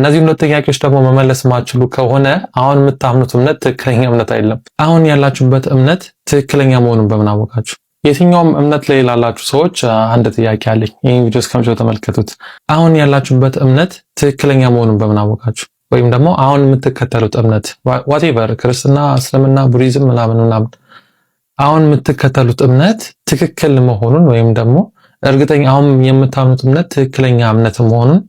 እነዚህ ሁለት ጥያቄዎች ደግሞ መመለስ ማችሉ ከሆነ አሁን የምታምኑት እምነት ትክክለኛ እምነት አይደለም። አሁን ያላችሁበት እምነት ትክክለኛ መሆኑን በምን አወቃችሁ? የትኛውም እምነት ላይ ላላችሁ ሰዎች አንድ ጥያቄ አለኝ። ይህ ቪዲዮ እስከመጨረሻው ተመልከቱት። አሁን ያላችሁበት እምነት ትክክለኛ መሆኑን በምን አወቃችሁ? ወይም ደግሞ አሁን የምትከተሉት እምነት ዋቴቨር ክርስትና፣ እስልምና፣ ቡዲዝም ምናምን ምናምን አሁን የምትከተሉት እምነት ትክክል መሆኑን ወይም ደግሞ እርግጠኛ አሁን የምታምኑት እምነት ትክክለኛ እምነት መሆኑን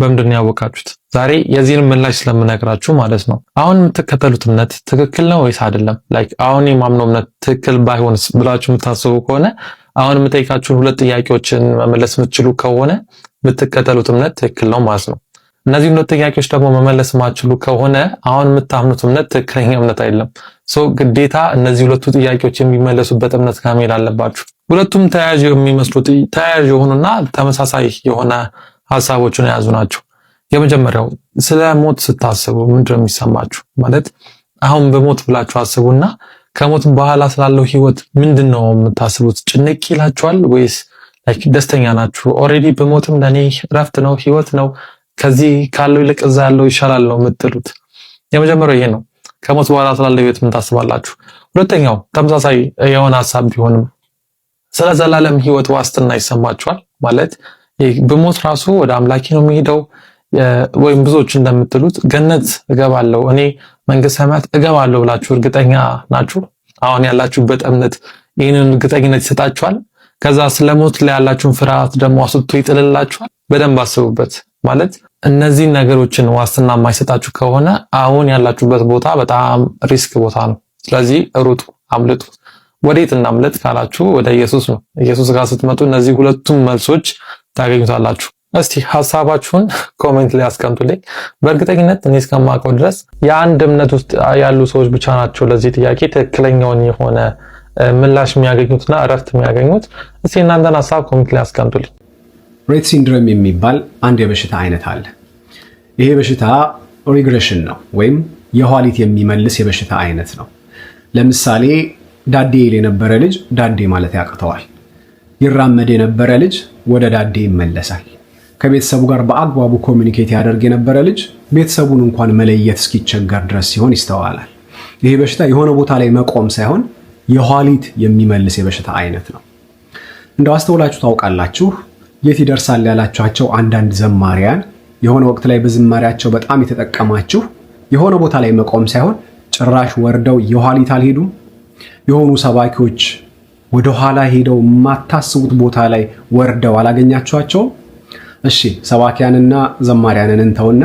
በምንድን ነው ያወቃችሁት? ዛሬ የዚህን ምላሽ ስለምነግራችሁ ማለት ነው። አሁን የምትከተሉት እምነት ትክክል ነው ወይስ አይደለም? ላይክ አሁን የማምነው እምነት ትክክል ባይሆንስ ብላችሁ የምታስቡ ከሆነ አሁን የምጠይቃችሁን ሁለት ጥያቄዎችን መመለስ የምትችሉ ከሆነ የምትከተሉት እምነት ትክክል ነው ማለት ነው። እነዚህ ሁለት ጥያቄዎች ደግሞ መመለስ የማትችሉ ከሆነ አሁን የምታምኑት እምነት ትክክለኛ እምነት አይደለም። ሶ ግዴታ እነዚህ ሁለቱ ጥያቄዎች የሚመለሱበት እምነት ጋር መሄድ አለባችሁ። ሁለቱም ተያያዥ የሚመስሉ ተያያዥ የሆኑና ተመሳሳይ የሆነ ሀሳቦችን የያዙ ናቸው። የመጀመሪያው ስለ ሞት ስታስቡ ምንድነው የሚሰማችሁ? ማለት አሁን በሞት ብላችሁ አስቡና ከሞት በኋላ ስላለው ህይወት ምንድን ነው የምታስቡት? ጭንቅ ይላችኋል ወይስ ደስተኛ ናችሁ? ኦልሬዲ በሞትም ለእኔ እረፍት ነው ህይወት ነው ከዚህ ካለው ይልቅ እዛ ያለው ይሻላል ነው የምትሉት? የመጀመሪያው ይሄ ነው። ከሞት በኋላ ስላለው ህይወት ምን ታስባላችሁ? ሁለተኛው ተመሳሳይ የሆነ ሀሳብ ቢሆንም ስለ ዘላለም ህይወት ዋስትና ይሰማችኋል። ማለት በሞት ራሱ ወደ አምላኬ ነው የሚሄደው ወይም ብዙዎች እንደምትሉት ገነት እገባለሁ እኔ መንግስት ሰማያት እገባለሁ ብላችሁ እርግጠኛ ናችሁ? አሁን ያላችሁበት እምነት ይህንን እርግጠኝነት ይሰጣችኋል? ከዛ ስለሞት ላይ ያላችሁን ፍርሃት ደግሞ አስቶ ይጥልላችኋል? በደንብ አስቡበት። ማለት እነዚህን ነገሮችን ዋስትና የማይሰጣችሁ ከሆነ አሁን ያላችሁበት ቦታ በጣም ሪስክ ቦታ ነው። ስለዚህ ሩጡ፣ አምልጡ። ወዴት እናምልጥ ካላችሁ ወደ ኢየሱስ ነው። ኢየሱስ ጋር ስትመጡ እነዚህ ሁለቱም መልሶች ታገኙታላችሁ። እስቲ ሀሳባችሁን ኮሜንት ላይ አስቀምጡልኝ። በእርግጠኝነት እኔ እስከማውቀው ድረስ የአንድ እምነት ውስጥ ያሉ ሰዎች ብቻ ናቸው ለዚህ ጥያቄ ትክክለኛውን የሆነ ምላሽ የሚያገኙትና እረፍት የሚያገኙት። እስቲ እናንተን ሀሳብ ኮሜንት ላይ አስቀምጡልኝ። ሬት ሲንድሮም የሚባል አንድ የበሽታ አይነት አለ። ይሄ በሽታ ሪግሬሽን ነው ወይም የኋሊት የሚመልስ የበሽታ አይነት ነው። ለምሳሌ ዳዴ ይል የነበረ ልጅ ዳዴ ማለት ያቅተዋል። ይራመድ የነበረ ልጅ ወደ ዳዴ ይመለሳል። ከቤተሰቡ ጋር በአግባቡ ኮሚኒኬት ያደርግ የነበረ ልጅ ቤተሰቡን እንኳን መለየት እስኪቸገር ድረስ ሲሆን ይስተዋላል። ይሄ በሽታ የሆነ ቦታ ላይ መቆም ሳይሆን የኋሊት የሚመልስ የበሽታ አይነት ነው። እንደው አስተውላችሁ ታውቃላችሁ? የት ይደርሳል ያላችኋቸው አንዳንድ ዘማሪያን የሆነ ወቅት ላይ በዝማሪያቸው በጣም የተጠቀማችሁ የሆነ ቦታ ላይ መቆም ሳይሆን ጭራሽ ወርደው የኋሊት አልሄዱም። የሆኑ ሰባኪዎች ወደኋላ ሄደው የማታስቡት ቦታ ላይ ወርደው አላገኛችኋቸውም። እሺ ሰባኪያንና ዘማሪያንን እንተውና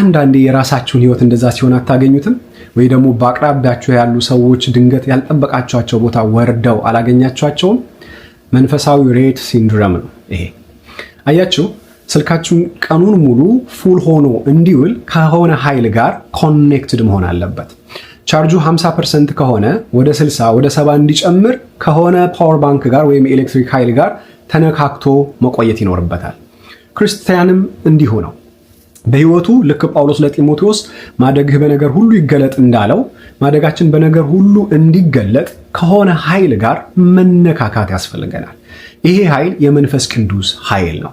አንዳንዴ የራሳችሁን ህይወት እንደዛ ሲሆን አታገኙትም ወይ ደግሞ በአቅራቢያችሁ ያሉ ሰዎች ድንገት ያልጠበቃችኋቸው ቦታ ወርደው አላገኛችኋቸውም መንፈሳዊ ሬት ሲንድረም ነው ይሄ አያችሁ ስልካችሁን ቀኑን ሙሉ ፉል ሆኖ እንዲውል ከሆነ ኃይል ጋር ኮኔክትድ መሆን አለበት ቻርጁ 50 ፐርሰንት ከሆነ ወደ 60 ወደ 70 እንዲጨምር ከሆነ ፓወር ባንክ ጋር ወይም ኤሌክትሪክ ኃይል ጋር ተነካክቶ መቆየት ይኖርበታል ክርስቲያንም እንዲሁ ነው። በሕይወቱ ልክ ጳውሎስ ለጢሞቴዎስ ማደግህ በነገር ሁሉ ይገለጥ እንዳለው ማደጋችን በነገር ሁሉ እንዲገለጥ ከሆነ ኃይል ጋር መነካካት ያስፈልገናል። ይሄ ኃይል የመንፈስ ቅዱስ ኃይል ነው።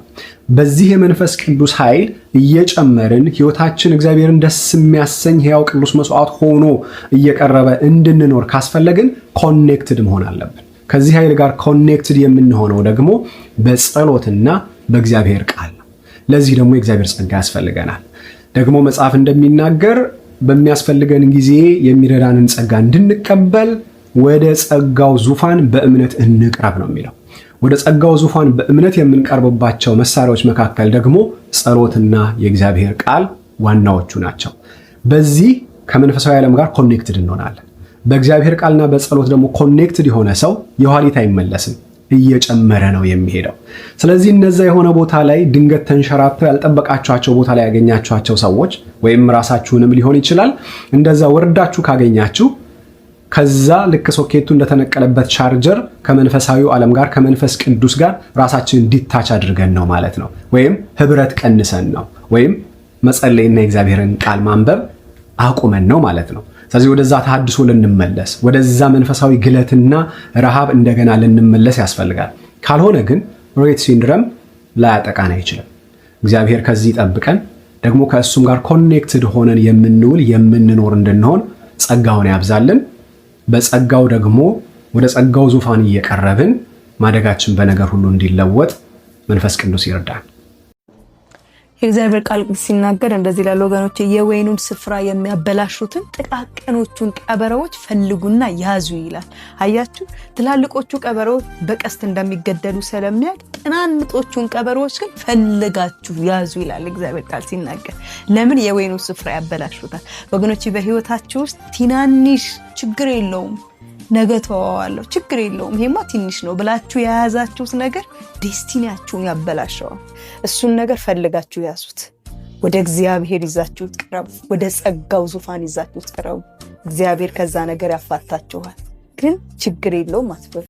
በዚህ የመንፈስ ቅዱስ ኃይል እየጨመርን ሕይወታችን እግዚአብሔርን ደስ የሚያሰኝ ሕያው ቅዱስ መስዋዕት ሆኖ እየቀረበ እንድንኖር ካስፈለግን ኮኔክትድ መሆን አለብን። ከዚህ ኃይል ጋር ኮኔክትድ የምንሆነው ደግሞ በጸሎትና በእግዚአብሔር ቃል ነው። ለዚህ ደግሞ የእግዚአብሔር ጸጋ ያስፈልገናል። ደግሞ መጽሐፍ እንደሚናገር በሚያስፈልገን ጊዜ የሚረዳንን ጸጋ እንድንቀበል ወደ ጸጋው ዙፋን በእምነት እንቅረብ ነው የሚለው። ወደ ጸጋው ዙፋን በእምነት የምንቀርብባቸው መሳሪያዎች መካከል ደግሞ ጸሎትና የእግዚአብሔር ቃል ዋናዎቹ ናቸው። በዚህ ከመንፈሳዊ ዓለም ጋር ኮኔክትድ እንሆናለን። በእግዚአብሔር ቃልና በጸሎት ደግሞ ኮኔክትድ የሆነ ሰው የኋሊት አይመለስም። እየጨመረ ነው የሚሄደው። ስለዚህ እነዛ የሆነ ቦታ ላይ ድንገት ተንሸራተው ያልጠበቃችኋቸው ቦታ ላይ ያገኛችኋቸው ሰዎች ወይም ራሳችሁንም ሊሆን ይችላል እንደዛ ወርዳችሁ ካገኛችሁ ከዛ ልክ ሶኬቱ እንደተነቀለበት ቻርጀር ከመንፈሳዊ ዓለም ጋር ከመንፈስ ቅዱስ ጋር ራሳችንን ዲታች አድርገን ነው ማለት ነው። ወይም ህብረት ቀንሰን ነው ወይም መጸለይና የእግዚአብሔርን ቃል ማንበብ አቁመን ነው ማለት ነው። ስለዚህ ወደዛ ተሃድሶ ልንመለስ፣ ወደዛ መንፈሳዊ ግለትና ረሃብ እንደገና ልንመለስ ያስፈልጋል። ካልሆነ ግን ሮጌት ሲንድረም ላያጠቃን አይችልም። እግዚአብሔር ከዚህ ጠብቀን ደግሞ ከእሱም ጋር ኮኔክትድ ሆነን የምንውል የምንኖር እንድንሆን ጸጋውን ያብዛልን። በጸጋው ደግሞ ወደ ጸጋው ዙፋን እየቀረብን ማደጋችን በነገር ሁሉ እንዲለወጥ መንፈስ ቅዱስ ይርዳል። የእግዚአብሔር ቃል ሲናገር እንደዚህ ላለ ወገኖች የወይኑን ስፍራ የሚያበላሹትን ጥቃቅኖቹን ቀበሮዎች ፈልጉና ያዙ ይላል። አያችሁ፣ ትላልቆቹ ቀበሮዎች በቀስት እንደሚገደሉ ስለሚያቅ ጥናንጦቹን ቀበሮዎች ግን ፈልጋችሁ ያዙ ይላል እግዚአብሔር ቃል ሲናገር። ለምን የወይኑ ስፍራ ያበላሹታል? ወገኖች በህይወታችሁ ውስጥ ትናንሽ ችግር የለውም ነገ ተወዋለሁ፣ ችግር የለውም ይሄማ ትንሽ ነው ብላችሁ የያዛችሁት ነገር ዴስቲኒያችሁን ያበላሸዋል። እሱን ነገር ፈልጋችሁ ያዙት። ወደ እግዚአብሔር ይዛችሁት ቅረቡ። ወደ ጸጋው ዙፋን ይዛችሁት ቅረቡ። እግዚአብሔር ከዛ ነገር ያፋታችኋል። ግን ችግር የለውም አትበሉ።